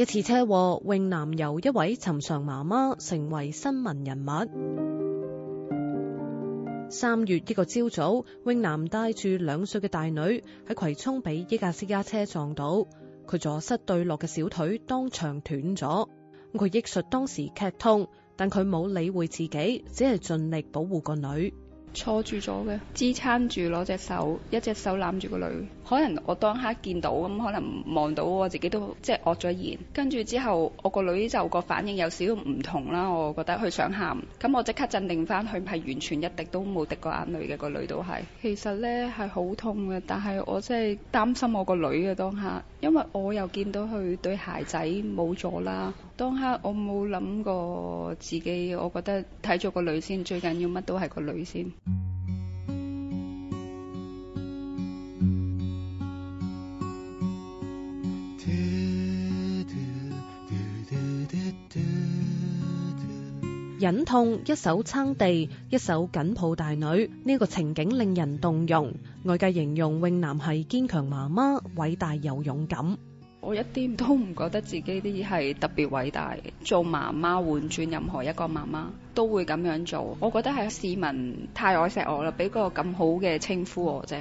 一次車禍，穎楠由一位尋常媽媽成為新聞人物。三月一個朝早，穎楠帶住兩歲嘅大女喺葵涌被一架私家車撞到，佢左膝對落嘅小腿當場斷咗。佢憶述當時劇痛，但佢冇理會自己，只係盡力保護個女。坐住咗嘅，支撐住攞隻手，一隻手攬住個女。可能我當刻見到，咁可能望到我自己都即係惡咗言。跟住之後，我個女就個反應有少少唔同啦。我覺得佢想喊，咁我即刻鎮定翻。佢係完全一滴都冇滴過眼淚嘅，個女都係。其實呢係好痛嘅，但係我真係擔心我個女嘅當刻。因為我又見到佢對鞋仔冇咗啦，當刻我冇諗過自己，我覺得睇咗個女先，最緊要乜都係個女先。忍痛一手撐地，一手緊抱大女，呢個情景令人動容。外界形容穎楠係堅強媽媽，偉大又勇敢。我一啲都唔覺得自己啲係特別偉大，做媽媽換轉任何一個媽媽都會咁樣做。我覺得係市民太愛錫我啦，俾個咁好嘅稱呼我啫。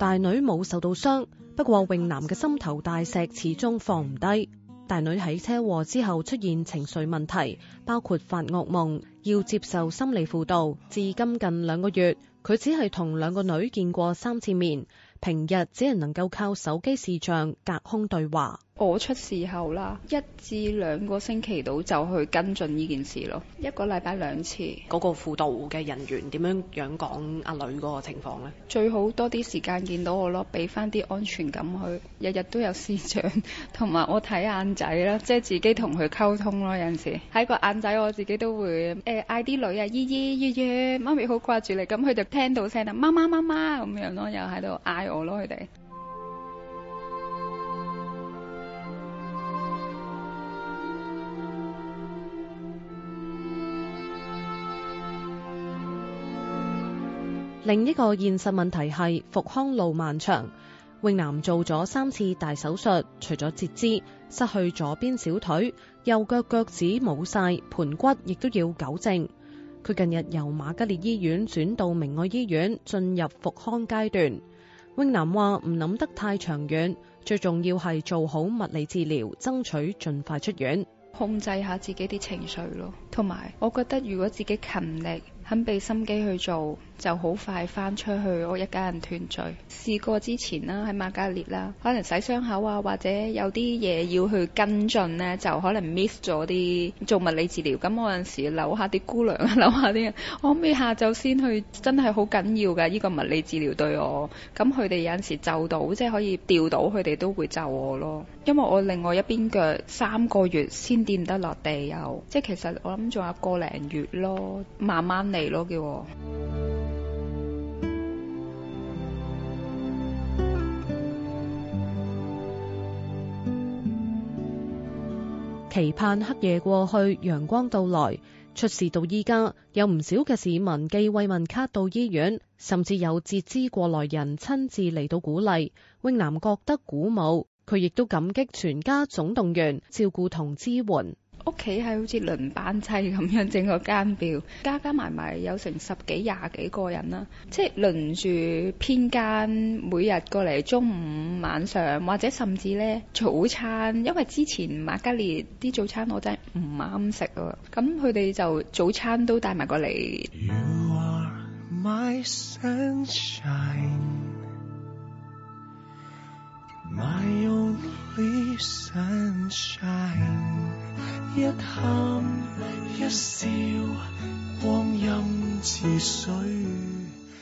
大女冇受到傷，不過穎楠嘅心頭大石始終放唔低。大女喺車禍之後出現情緒問題，包括發噩夢，要接受心理輔導。至今近兩個月，佢只係同兩個女見過三次面，平日只能能夠靠手機視像隔空對話。我出事後啦，一至兩個星期到就去跟進呢件事咯。一個禮拜兩次。嗰個輔導嘅人員點樣樣講阿女嗰個情況呢？最好多啲時間見到我咯，俾翻啲安全感佢。日日都有視像，同埋我睇眼仔啦，即係自己同佢溝通咯。有陣時喺個眼仔，我自己都會誒嗌啲女啊，依依、姨姨，媽咪好掛住你，咁佢就聽到聲啦，媽媽媽媽咁樣咯，又喺度嗌我咯，佢哋。另一個現實問題係復康路漫長，穎楠做咗三次大手術，除咗截肢，失去左邊小腿，右腳腳趾冇晒，盆骨亦都要糾正。佢近日由瑪嘉烈醫院轉到明愛醫院，進入復康階段。穎楠話唔諗得太長遠，最重要係做好物理治療，爭取盡快出院。控制下自己啲情緒咯，同埋我覺得如果自己勤力，肯俾心機去做，就好快返出去，我一家人團聚。試過之前啦，喺瑪嘉烈啦，可能洗傷口啊，或者有啲嘢要去跟進呢，就可能 miss 咗啲做物理治療。咁我有陣時扭下啲姑娘，扭下啲人，我諗下晝先去，真係好緊要㗎！呢、呢個物理治療對我，咁佢哋有陣時就到，即、就、係、是、可以調到佢哋都會就我咯。因為我另外一邊腳三個月先掂得落地，又即係其實我諗仲有個零月咯，慢慢嚟。期盼黑夜過去，陽光到來。出事到依家，有唔少嘅市民寄慰問卡到醫院，甚至有截肢過來人親自嚟到鼓勵。穎楠覺得鼓舞，佢亦都感激全家總動員照顧同支援。屋企係好似輪班制咁樣整個間表，加加埋埋有成十幾廿幾個人啦，即係輪住偏間，每日過嚟中午、晚上，或者甚至咧早餐，因為之前瑪嘉烈啲早餐我真係唔啱食咯，咁佢哋就早餐都帶埋過嚟。一喊一笑，光陰似水，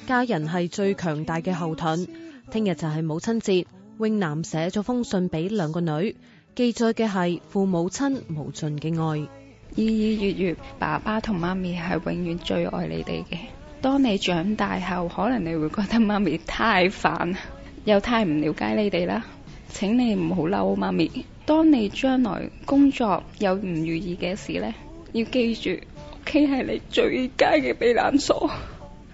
家人係最強大嘅後盾，聽日就係母親節，穎楠寫咗封信俾兩個女，記載嘅係父母親無盡嘅愛，依依月月，爸爸同媽咪係永遠最愛你哋嘅。當你長大後，可能你會覺得媽咪太煩，又太唔了解你哋啦，請你唔好嬲媽咪。當你將來工作有唔如意嘅事咧，要記住屋企係你最佳嘅避難所。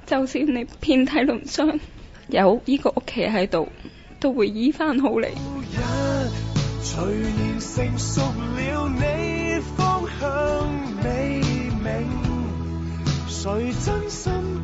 就算你遍體鱗傷，有依個屋企喺度，都會醫翻好你。隨成熟了，你方向未明，誰真心？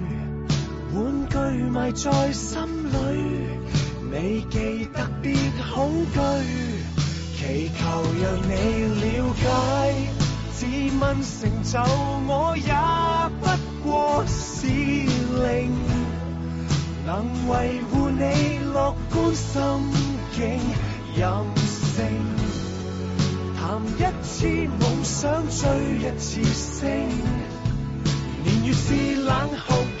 玩具埋在心裏，未記特別恐懼。祈求讓你了解，自問成就我也不過是零。能維護你樂觀心境，任性。談一次夢想，追一次星。年月是冷酷。